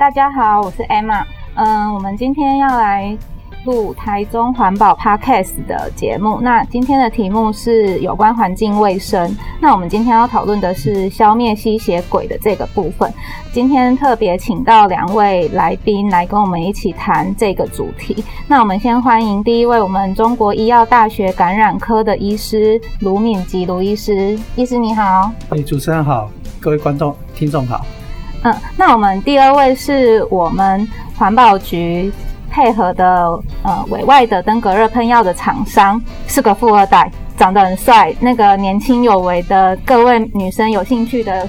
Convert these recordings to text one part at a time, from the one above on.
大家好，我是 Emma。嗯，我們今天要來錄台中環保 Podcast 的節目。那今天的題目是有關環境衛生。那我們今天要討論的是消滅吸血鬼的這個部分。今天特別請到兩位來賓來跟我們一起談這個主題。那我們先歡迎第一位，我們中國醫藥大學感染科的醫師盧敏吉盧醫師。醫師你好，哎，主持人好，各位觀眾聽眾好。嗯，那我們第二位是我們環保局配合的呃委外的登革熱噴藥的廠商，是個富二代，長得很帥，那個年輕有為的各位女生有興趣的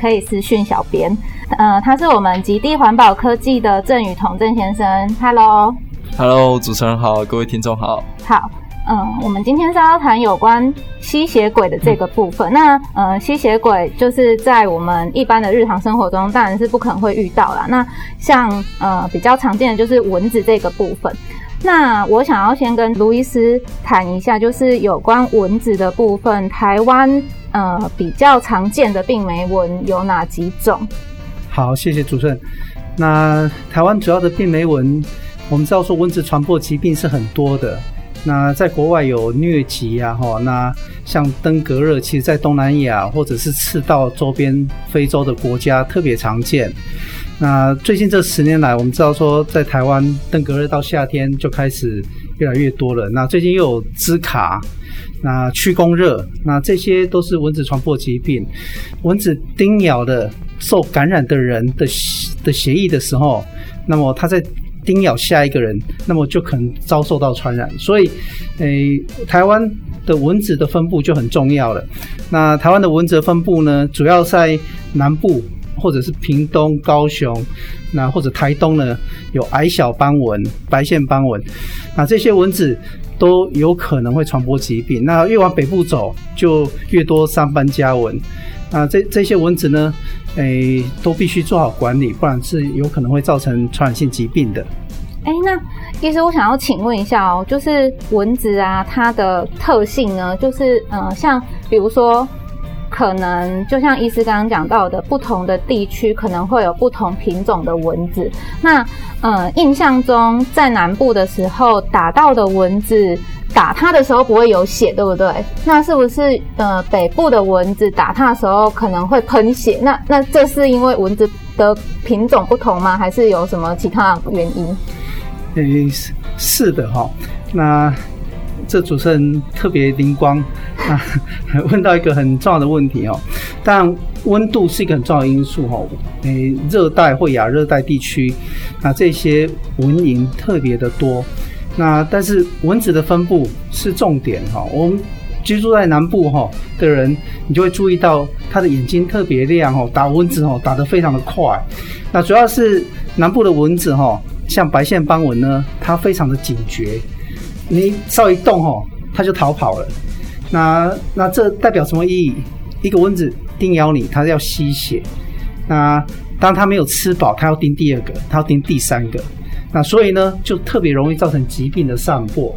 可以私訊小編。嗯、呃，他是我們吉帝環保科技的鄭宇彤鄭先生，Hello，Hello，Hello, 主持人好，各位聽眾好，好。嗯、呃，我們今天是要談有關吸血鬼的這個部分。那呃，吸血鬼就是在我們一般的日常生活中，當然是不可能會遇到啦。那像呃比較常見的就是蚊子這個部分。那我想要先跟盧醫師談一下，就是有關蚊子的部分。台灣呃比較常見的病媒蚊有哪幾種？好，謝謝主持人。那台灣主要的病媒蚊，我們知道說蚊子傳播疾病是很多的。那在國外有瘧疾啊，齁，那像登革熱，其實，在東南亞或者是赤道周邊非洲的國家特別常見。那最近這十年來，我們知道說，在台灣，登革熱到夏天就開始越來越多了。那最近又有茲卡，那屈公熱，那這些都是蚊子傳播疾病。蚊子叮咬的受感染的人的的血液的時候，那麼它在。叮咬下一個人，那麼就可能遭受到傳染。所以，誒、欸，台灣的蚊子的分布就很重要了。那台灣的蚊子的分布呢，主要在南部或者是屏東、高雄，那或者台東呢，有矮小斑蚊、白線斑蚊，那這些蚊子都有可能會傳播疾病。那越往北部走，就越多三斑家蚊。那這這些蚊子呢，誒、欸，都必須做好管理，不然是有可能會造成傳染性疾病的。哎，那醫師，我想要請問一下哦，就是蚊子啊，它的特性呢，就是呃，像比如說，可能就像醫師剛剛講到的，不同的地區可能會有不同品種的蚊子。那呃，印象中在南部的時候打到的蚊子，打它的時候不會有血，對不對？那是不是呃，北部的蚊子打它的時候可能會噴血？那那這是因為蚊子的品種不同嗎？還是有什麼其他原因？誒，是是的哈、哦，那這主持人特別靈光啊，問到一個很重要的問題哦。當然，溫度是一個很重要因素哈、哦。誒，熱帶或亞熱帶地區，那這些蚊蠅特別的多。那但是蚊子的分佈是重點哈、哦。我們居住在南部哈、哦、的人，你就會注意到他的眼睛特別亮哦，打蚊子哦打得非常的快。那主要是南部的蚊子哈、哦。像白線斑蚊呢，它非常的警覺，你稍一動吼，它就逃跑了。那那這代表什麼意義？一個蚊子叮咬你，它要吸血。那當它沒有吃飽，它要叮第二個，它要叮第三個。那所以呢，就特別容易造成疾病的散播，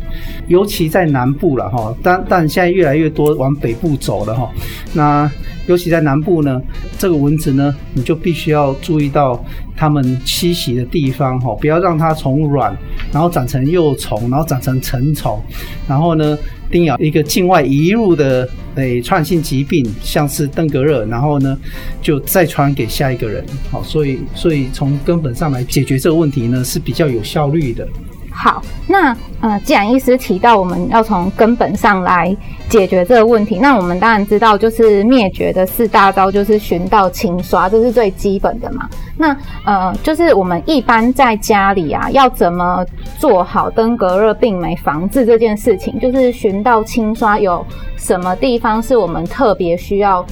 尤其在南部了哈。但但現在越來越多往北部走了哈。那尤其在南部呢，這個蚊子呢，你就必須要注意到它們棲息的地方哈，不要讓它從卵，然後長成幼蟲，然後長成成，成蟲，然後呢叮咬一個境外移入的誒傳染性疾病，像是登革熱，然後呢就再傳給下一個人，好，所以所以從根本上來解決這個問題呢是比較有效率的。好，那呃，既然醫師提到我們要從根本上來解決這個問題，那我們當然知道，就是滅絕的四大招就是“巡倒清刷”，這是最基本的嘛。那呃，就是我們一般在家裡啊，要怎麼做好登革熱病媒防治這件事情？就是“巡倒清刷”有什麼地方是我們特別需要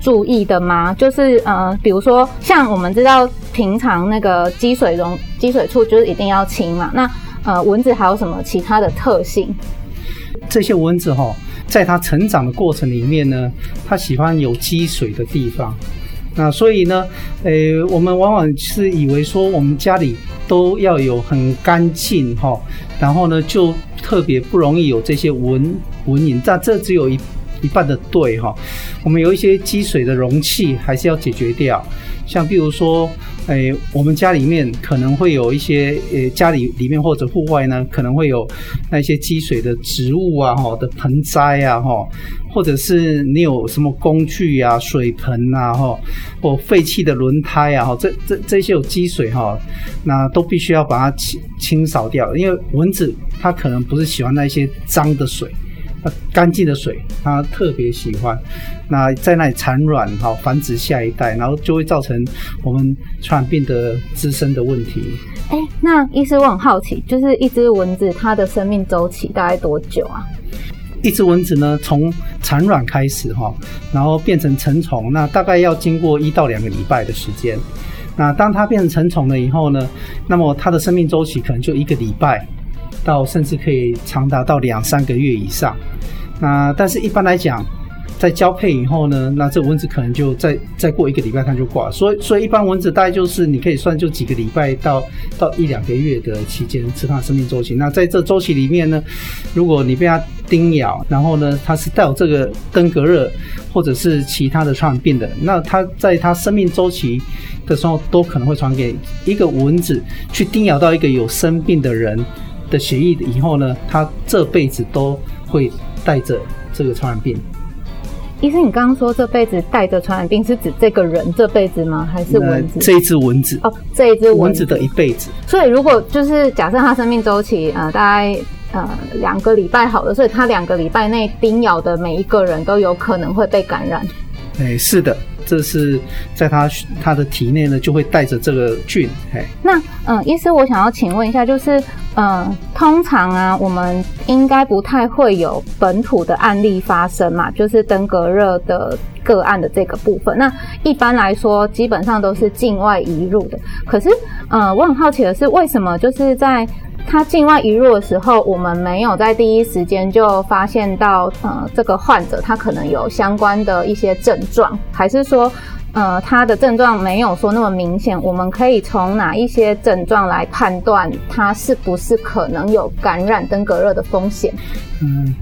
注意的嗎？就是呃，比如說像我們知道平常那個積水容積水處，就是一定要清嘛。那呃，蚊子還有什麼其他的特性？這些蚊子哈，在它成長的過程裡面呢，它喜歡有積水的地方。那所以呢，呃，我們往往是以為說，我們家裡都要有很乾淨哈，然後呢，就特別不容易有這些蚊蚊蠅。但這只有一。一半的對哈，我們有一些積水的容器還是要解決掉，像比如說，哎、欸，我們家裡面可能會有一些，呃、欸，家裡裡面或者戶外呢，可能會有那些積水的植物啊，哈的盆栽啊，哈，或者是你有什麼工具啊、水盆啊，哈，或廢棄的輪胎啊，哈，這這這些有積水哈、啊，那都必須要把它清清掃掉，因為蚊子它可能不是喜歡那些髒的水。乾淨的水，它特別喜歡。那在那裡產卵、喔、繁殖下一代，然後就會造成我們傳染病的滋生的問題。誒、欸，那醫師，我很好奇，就是一只蚊子，它的生命週期大概多久啊？一只蚊子呢，從產卵開始哈、喔，然後變成成蟲，那大概要經過一到兩個禮拜的時間。那當它變成成蟲了以後呢，那麼它的生命週期可能就一個禮拜，到甚至可以長達到兩三個月以上。那但是，一般來講，在交配以後呢，那這蚊子可能就再再過一個禮拜，它就掛。所以，所以一般蚊子大概就是你可以算就幾個禮拜到到一兩個月的期間，它生命周期。那在這周期裡面呢，如果你被它叮咬，然後呢，它是帶有這個登革熱或者是其他的傳染病的，那它在它生命周期的時候都可能會傳給一個蚊子去叮咬到一個有生病的人的血液以後呢，它這輩子都會。帶着這個傳染病。醫生，你剛剛說這輩子帶着傳染病是指這個人這輩子嗎？還是蚊子？這一只蚊子哦，這一只蚊子，蚊子的一輩子。所以如果就是假設它生命週期，呃，大概呃兩個禮拜好了，所以它兩個禮拜內叮咬的每一個人都有可能會被感染。哎、欸，是的。這是在他他的體內呢，就會帶着這個菌。嘿那嗯、呃，醫師，我想要請問一下，就是呃，通常啊，我們應該不太會有本土的案例發生嘛，就是登革熱的個案的這個部分。那一般來說，基本上都是境外移入的。可是，嗯、呃，我很好奇的是，為什麼就是在。他境外移入的時候，我們沒有在第一時間就發現到，呃，這個患者他可能有相關的一些症狀，還是說，呃，他的症狀沒有說那麼明顯。我們可以從哪一些症狀來判斷他是不是可能有感染登革熱的風險？嗯，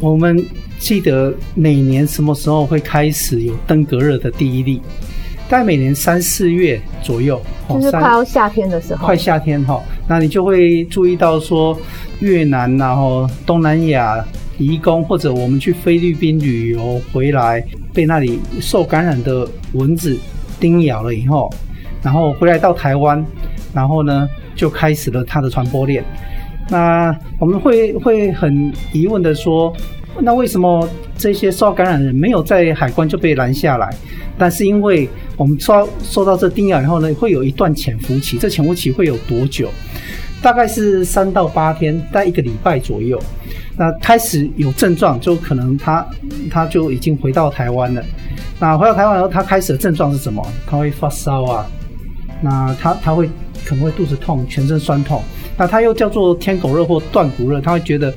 我們記得每年什麼時候會開始有登革熱的第一例？大概每年三四月左右，就是快要夏天的時候，3, 快夏天哈，那你就會注意到說，越南，然後東南亞移工，或者我們去菲律賓旅遊回來，被那裡受感染的蚊子叮咬了以後，然後回來到台灣，然後呢就開始了它的傳播鏈。那我們會會很疑問的說，那為什麼這些受感染的人沒有在海關就被攔下來？但是因為我們說說到這叮咬以後呢，會有一段潛伏期，這潛伏期會有多久？大概是三到八天，大概一個禮拜左右。那開始有症狀，就可能他他就已經回到台灣了。那回到台灣以後，他開始的症狀是什麼？他會發燒啊，那他他會可能會肚子痛、全身痠痛。那他又叫做天狗熱或斷骨熱，他會覺得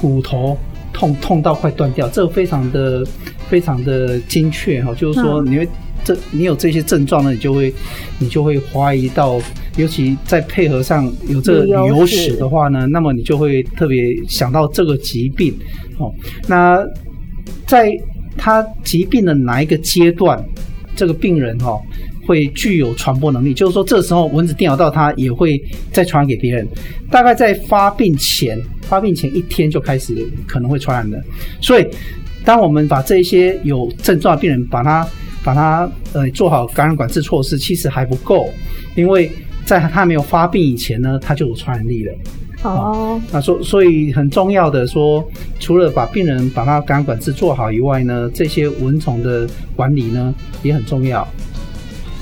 骨頭痛，痛到快斷掉，這個、非常的。非常的精確哈，就是說你會，你這你有這些症狀呢，你就會你就會懷疑到，尤其在配合上有這個旅遊史的話呢，那麼你就會特別想到這個疾病哦。那在他疾病的哪一個階段，這個病人哈會具有傳播能力，就是說，這時候蚊子叮咬到他也會再傳給別人。大概在發病前，發病前一天就開始可能會傳染的，所以。當我們把這些有症狀的病人，把他，把他呃，做好感染管制措施，其實還不夠，因為在他沒有發病以前呢，他就有傳染力了。哦，哦，那所所以很重要的說，除了把病人把他感染管制做好以外呢，這些蚊蟲的管理呢也很重要。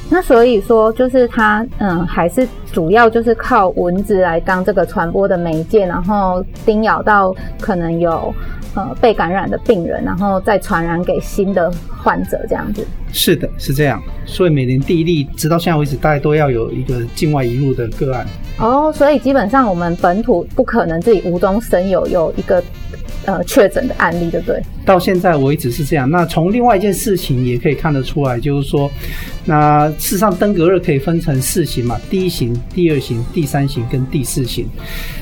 那所以說，就是它，嗯，還是主要就是靠蚊子來當這個傳播的媒介，然後叮咬到可能有呃被感染的病人，然後再傳染給新的患者，這樣子。是的，是這樣。所以每年第一例，直到現在為止，大概都要有一個境外移入的個案。哦，所以基本上我們本土不可能自己無中生有，有一個呃，確診的案例對不對？到現在為止是這樣。那從另外一件事情也可以看得出來，就是說，那事實上登革熱可以分成四型嘛，第一型、第二型、第三型跟第四型。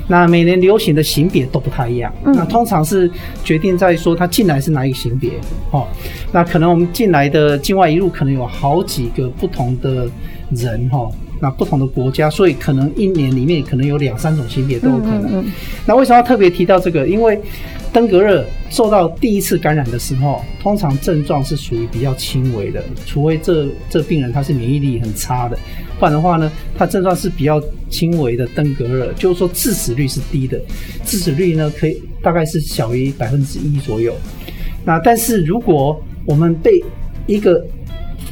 那每年流行的型別都不太一樣，嗯。那通常是決定在說他進來是哪一個型別。哈、哦，那可能我們進來的境外一路可能有好幾個不同的人。哈、哦。那不同的國家，所以可能一年裡面可能有兩三種型別都有可能、嗯。嗯嗯、那為什麼要特別提到這個？因為登革熱受到第一次感染的時候，通常症狀是屬於比較輕微的，除非這這病人他是免疫力很差的，不然的話呢，他症狀是比較輕微的。登革熱就是說致死率是低的，致死率呢可以大概是小於百分之一左右。那但是如果我們被一個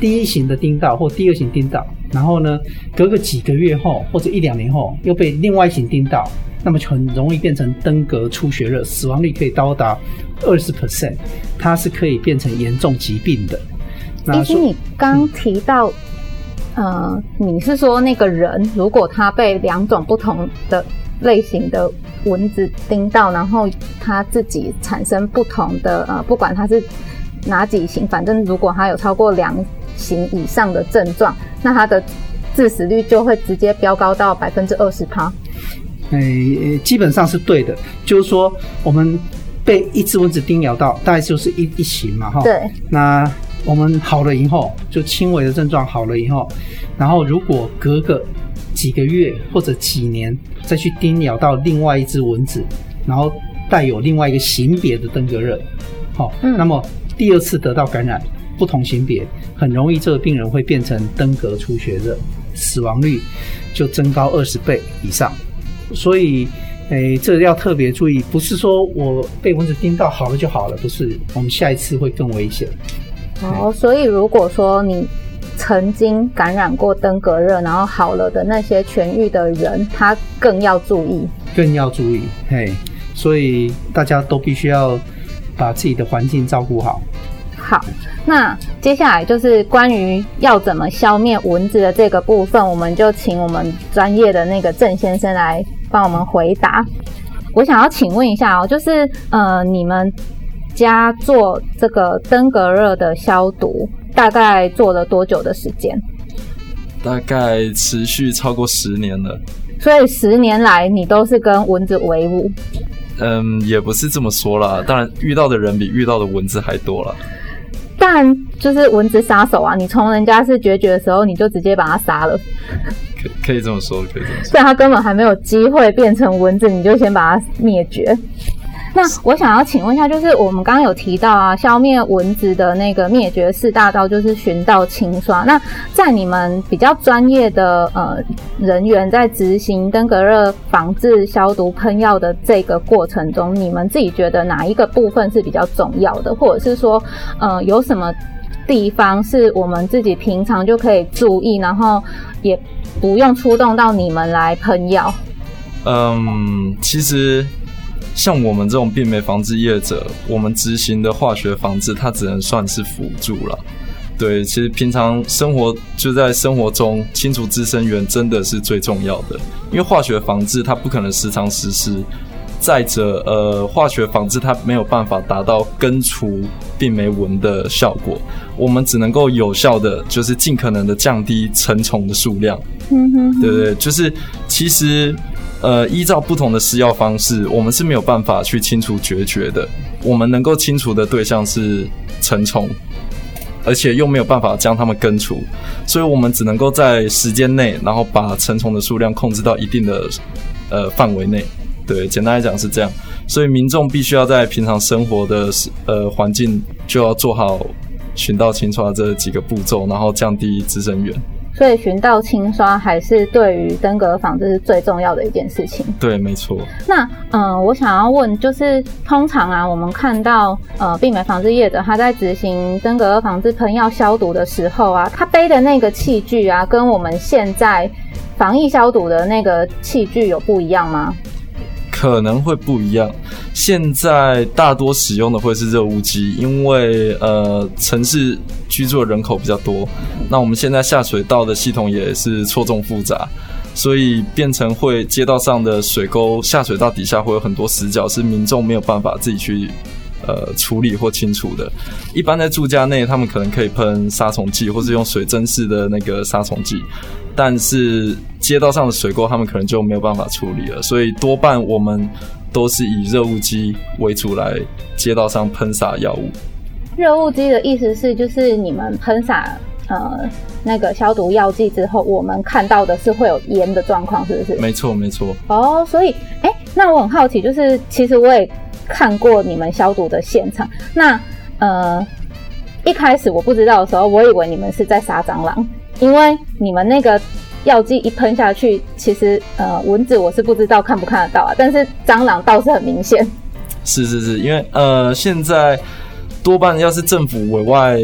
第一型的叮到或第二型叮到。然後呢，隔個幾個月後，或者一兩年後，又被另外一型叮到，那麼很容易變成登革出血熱，死亡率可以高達二十 percent，它是可以變成嚴重疾病的。其實，你剛提到，嗯，呃，你是說那個人如果他被兩種不同的類型的蚊子叮到，然後他自己產生不同的，呃，不管他是哪幾型，反正如果他有超過兩。型以上的症狀，那它的致死率就會直接飆高到百分之二十八。哎，基本上是對的，就是說我們被一只蚊子叮咬到，大概就是一、一型嘛，哈。對。那我們好了以後，就輕微的症狀好了以後，然後如果隔個幾個月或者幾年再去叮咬到另外一隻蚊子，然後帶有另外一個型別的登革熱，好、嗯，那麼第二次得到感染。不同型別很容易，這個病人會變成登革出血熱，死亡率就增高二十倍以上。所以，誒、欸，這要特別注意，不是說我被蚊子叮到好了就好了，不是，我們下一次會更危險。哦，所以如果說你曾經感染過登革熱，然後好了的那些痊癒的人，他更要注意，更要注意。嘿，所以大家都必須要把自己的環境照顧好。好，那接下來就是關於要怎麼消滅蚊子的這個部分，我們就請我們專業的那個鄭先生來幫我們回答。我想要請問一下哦，就是呃，你們家做這個登革熱的消毒，大概做了多久的時間？大概持續超過十年了。所以十年來，你都是跟蚊子為伍？嗯，也不是這麼說啦，當然遇到的人比遇到的蚊子還多了。但就是蚊子殺手啊！你從人家是孑孓的時候，你就直接把它殺了。可可以這麼說，可以這麼說。但，它根本還沒有機會變成蚊子，你就先把它滅絕。那我想要請問一下，就是我們剛剛有提到啊，消滅蚊子的那個滅絕四大招就是巡倒清、刷。那在你們比較專業的呃人員在執行登革熱防治消毒噴藥的這個過程中，你們自己覺得哪一個部分是比較重要的，或者是說呃有什麼地方是我們自己平常就可以注意，然後也不用出動到你們來噴藥？嗯，其實。像我們這種病媒防治業者，我們執行的化學防治，它只能算是輔助了。對，其實平常生活就在生活中清除滋生源，真的是最重要的。因為化學防治它不可能時常實施，再者，呃，化學防治它沒有辦法達到根除病媒蚊的效果。我們只能夠有效的，就是盡可能的降低成蟲的數量。嗯哼，對對，就是其實。呃，依照不同的施藥方式，我們是沒有辦法去清除孑孓的。我們能夠清除的對象是成蟲，而且又沒有辦法將它們根除，所以我們只能夠在時間內，然後把成蟲的數量控制到一定的呃範圍內。對，簡單來講是這樣。所以民眾必須要在平常生活的呃環境就要做好巡倒清刷這幾個步驟，然後降低滋生源。所以，巡倒清刷還是對於登革熱防治是最重要的一件事情。對，沒錯。那，嗯、呃，我想要問，就是通常啊，我們看到呃，病媒防治業者他在執行登革防治噴藥消毒的時候啊，他背的那個器具啊，跟我們現在防疫消毒的那個器具有不一樣嗎？可能會不一樣。現在大多使用的會是熱霧機，因為呃城市居住的人口比較多，那我們現在下水道的系統也是錯綜複雜，所以變成會街道上的水溝、下水道底下會有很多死角，是民眾沒有辦法自己去呃處理或清除的。一般在住家內，他們可能可以噴殺蟲劑，或是用水蒸式的那個殺蟲劑，但是，街道上的水溝，他們可能就沒有辦法處理了，所以多半我們都是以熱霧機為主來街道上噴灑藥物。熱霧機的意思是，就是你們噴灑呃那個消毒藥劑之後，我們看到的是會有煙的狀況，是不是？沒錯，沒錯。哦，所以哎、欸，那我很好奇，就是其實我也看過你們消毒的現場。那呃一開始我不知道的時候，我以為你們是在殺蟑螂，因為你們那個。藥劑一噴下去，其實呃，蚊子，我是不知道看不看得到啊，但是蟑螂倒是很明顯。是是是，因為呃，現在多半要是政府委外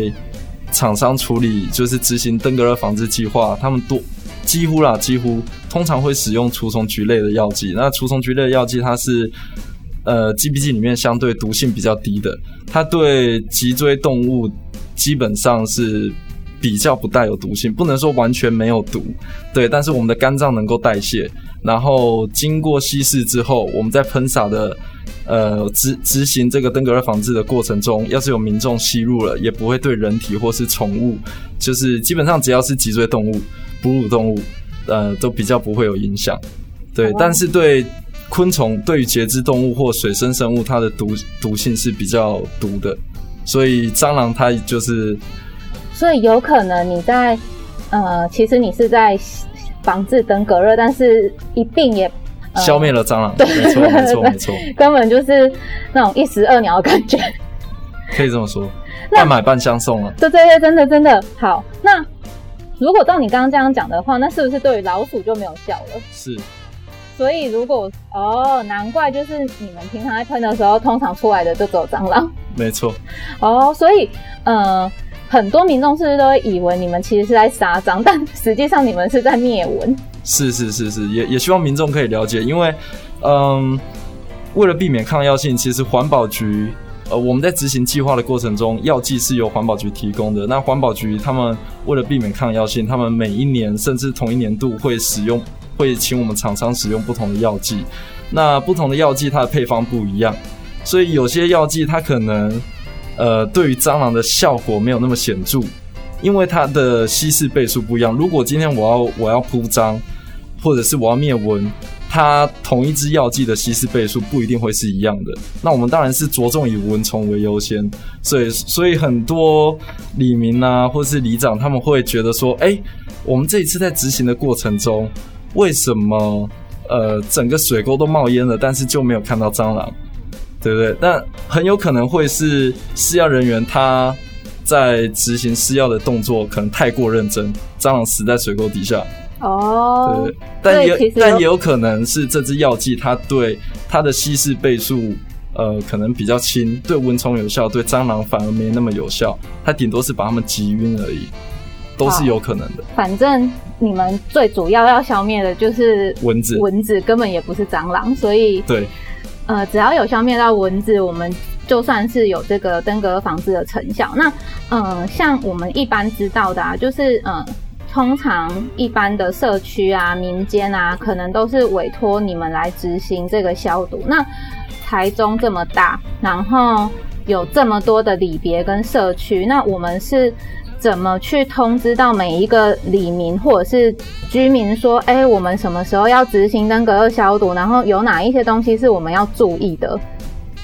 廠商處理，就是執行登革熱防治計劃，他們多幾乎啦，幾乎通常會使用除蟲菊類的藥劑。那除蟲菊類藥劑，它是呃 GBG 裡面相對毒性比較低的，它對脊椎動物基本上是。比較不帶有毒性，不能說完全沒有毒，對。但是我們的肝臟能夠代謝，然後經過稀釋之後，我們在噴灑的呃執執行這個登革熱防治的過程中，要是有民眾吸入了，也不會對人體或是寵物，就是基本上只要是脊椎動物、哺乳動物，呃，都比較不會有影響，對、嗯。但是對昆蟲、對於節肢動物或水生生物，它的毒毒性是比較毒的，所以蟑螂它就是。所以有可能你在，呃，其實你是在防治登革熱，但是一定也，呃、消滅了蟑螂。沒錯，沒錯， 沒錯，根本就是那種一石二鳥的感覺，可以這麼說， 那半買半相送了、啊。對對對真的真的好。那如果照你剛剛這樣講的話，那是不是對於老鼠就沒有效了？是。所以如果哦，難怪就是你們平常在噴的時候，通常出來的就只有蟑螂。沒錯。哦，所以嗯。呃很多民眾甚至都會以為你們其實是在殺蟑，但實際上你們是在滅蚊。是是是是，也也希望民眾可以了解，因為，嗯，為了避免抗藥性，其實環保局呃我們在執行計劃的過程中，藥劑是由環保局提供的。那環保局他們為了避免抗藥性，他們每一年甚至同一年度會使用，會請我們廠商使用不同的藥劑。那不同的藥劑它的配方不一樣，所以有些藥劑它可能。呃，對於蟑螂的效果沒有那麼顯著，因為它的稀釋倍數不一樣。如果今天我要我要撲蟑，或者是我要滅蚊，它同一支藥劑的稀釋倍數不一定會是一樣的。那我們當然是着重以蚊蟲為優先，所以所以很多里民啊，或是里長，他們會覺得說，哎，我們這一次在執行的過程中，為什麼呃整個水溝都冒煙了，但是就沒有看到蟑螂？對不對？但很有可能會是施藥人員他在執行施藥的動作，可能太過認真，蟑螂死在水溝底下。哦，對、對，但也但也有可能是這支藥劑，它對它的稀釋倍數，呃，可能比較輕，對蚊蟲有效，對蟑螂反而沒那麼有效。它頂多是把它們擊暈而已，都是有可能的。哦。反正你們最主要要消滅的就是蚊子，蚊子、蚊子根本也不是蟑螂，所以對。呃，只要有消滅到蚊子，我們就算是有這個登革防治的成效。那，呃像我們一般知道的啊，就是，呃通常一般的社區啊、民間啊，可能都是委托你們來執行這個消毒。那台中這麼大，然後有這麼多的里別跟社區，那我們是。怎麼去通知到每一個里民或者是居民，說，哎、欸，我們什麼時候要執行登革熱消毒？然後有哪一些東西是我們要注意的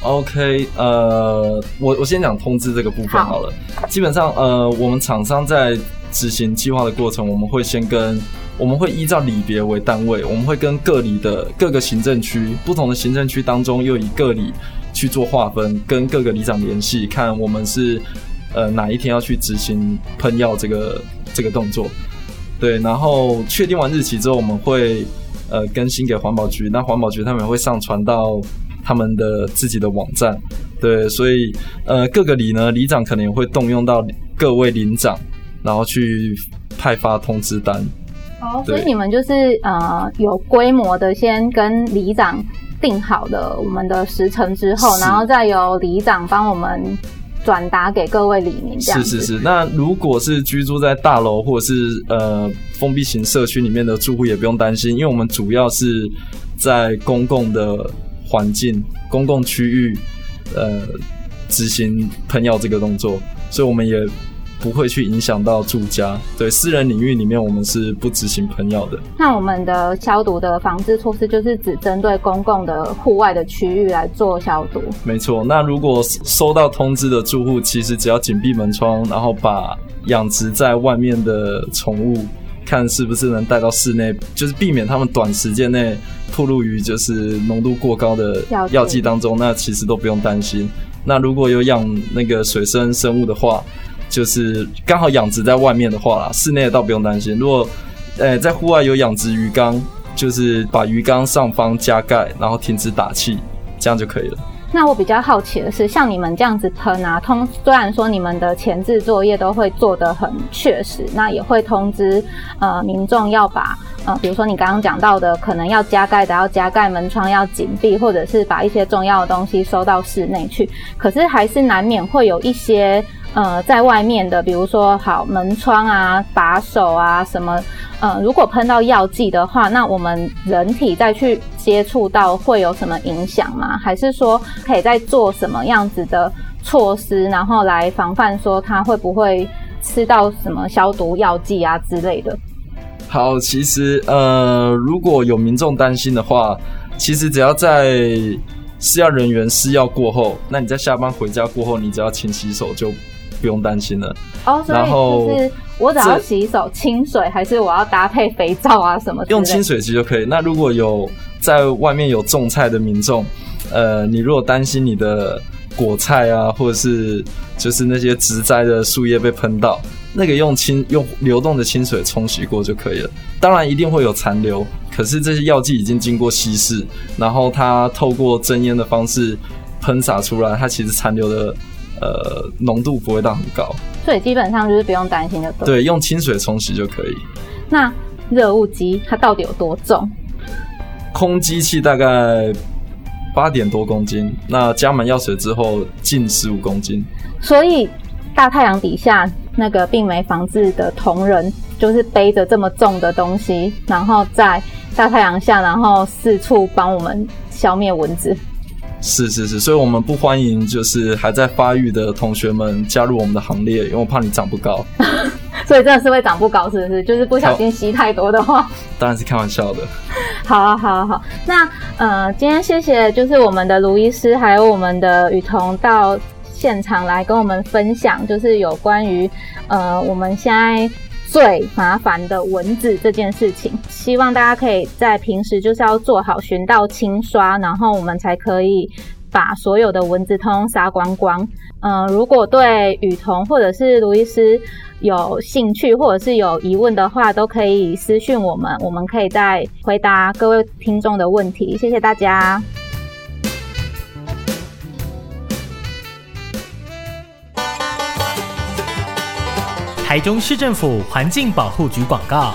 ？OK，呃，我我先講通知這個部分好了。好。基本上，呃，我們廠商在執行計劃的過程，我們會先跟我們會依照里別為單位，我們會跟各里的各個行政區，不同的行政區當中又以各里去做劃分，跟各個里長聯繫，看我們是。呃，哪一天要去執行噴藥這個這個動作？對，然後確定完日期之後，我們會呃更新給環保局，那環保局他們也會上傳到他們的自己的網站。對，所以呃各個里呢，里長可能也會動用到各位鄰長，然後去派發通知單。好、哦，所以你們就是呃有規模的，先跟里長定好了我們的時程之後，然後再由里長幫我們。轉達給各位李明，這樣是是是。那如果是居住在大樓或者是呃封閉型社區裡面的住戶，也不用擔心，因為我們主要是在公共的環境、公共區域，呃，執行噴藥這個動作，所以我們也。不會去影響到住家，對私人領域裡面，我們是不執行噴藥的。那我們的消毒的防治措施就是只針對公共的戶外的區域來做消毒。沒錯。那如果收到通知的住戶，其實只要緊閉門窗，然後把養殖在外面的寵物看是不是能帶到室內，就是避免他們短時間內暴露於就是濃度過高的藥劑當中，那其實都不用擔心。那如果有養那個水生生物的話。就是剛好養殖在外面的話啦，室內倒不用擔心。如果，呃、欸，在戶外有養殖魚缸，就是把魚缸上方加蓋，然後停止打氣，這樣就可以了。那我比較好奇的是，像你們這樣子很啊通，雖然說你們的前置作業都會做得很確實，那也會通知呃民眾要把呃，比如說你剛剛講到的，可能要加蓋的要加蓋，門窗要緊閉，或者是把一些重要的東西收到室內去，可是還是難免會有一些。呃，在外面的，比如說好門窗啊、把手啊什麼，呃，如果噴到藥劑的話，那我們人體再去接觸到會有什麼影響嗎？還是說可以再做什麼樣子的措施，然後來防範說他會不會吃到什麼消毒藥劑啊之類的？好，其實呃，如果有民眾擔心的話，其實只要在施藥人員施藥過後，那你在下班回家過後，你只要勤洗手就。不用擔心了哦。Oh，然後就是我只要洗手，清水還是我要搭配肥皂啊什麼？用清水洗就可以。那如果有在外面有種菜的民眾，呃，你如果擔心你的果菜啊，或者是就是那些植栽的樹葉被噴到，那個用清用流動的清水沖洗過就可以了。當然一定會有殘留，可是這些藥劑已經經過稀釋，然後它透過蒸煙的方式噴灑出來，它其實殘留的。呃，濃度不會到很高，所以基本上就是不用擔心的。對，用清水沖洗就可以。那熱霧機它到底有多重？空機器大概八點多公斤，那加滿藥水之後近十五公斤。所以大太陽底下，那個病媒防治的同仁就是背着這麼重的東西，然後在大太陽下，然後四處幫我們消滅蚊子。是是是，所以我們不歡迎就是還在發育的同學們加入我們的行列，因為我怕你長不高。 所以真的是會長不高，是不是？就是不小心吸太多的話。當然是開玩笑的。好啊，好啊，好。那呃，今天謝謝就是我們的盧醫師，還有我們的宇彤到現場來跟我們分享，就是有關於呃我們現在。最麻煩的蚊子這件事情，希望大家可以在平時就是要做好巡倒清刷，然後我們才可以把所有的蚊子通殺光光。嗯，如果對宇彤或者是盧醫師有興趣或者是有疑問的話，都可以私訊我們，我們可以再回答各位聽眾的問題。謝謝大家。台中市政府環境保護局廣告。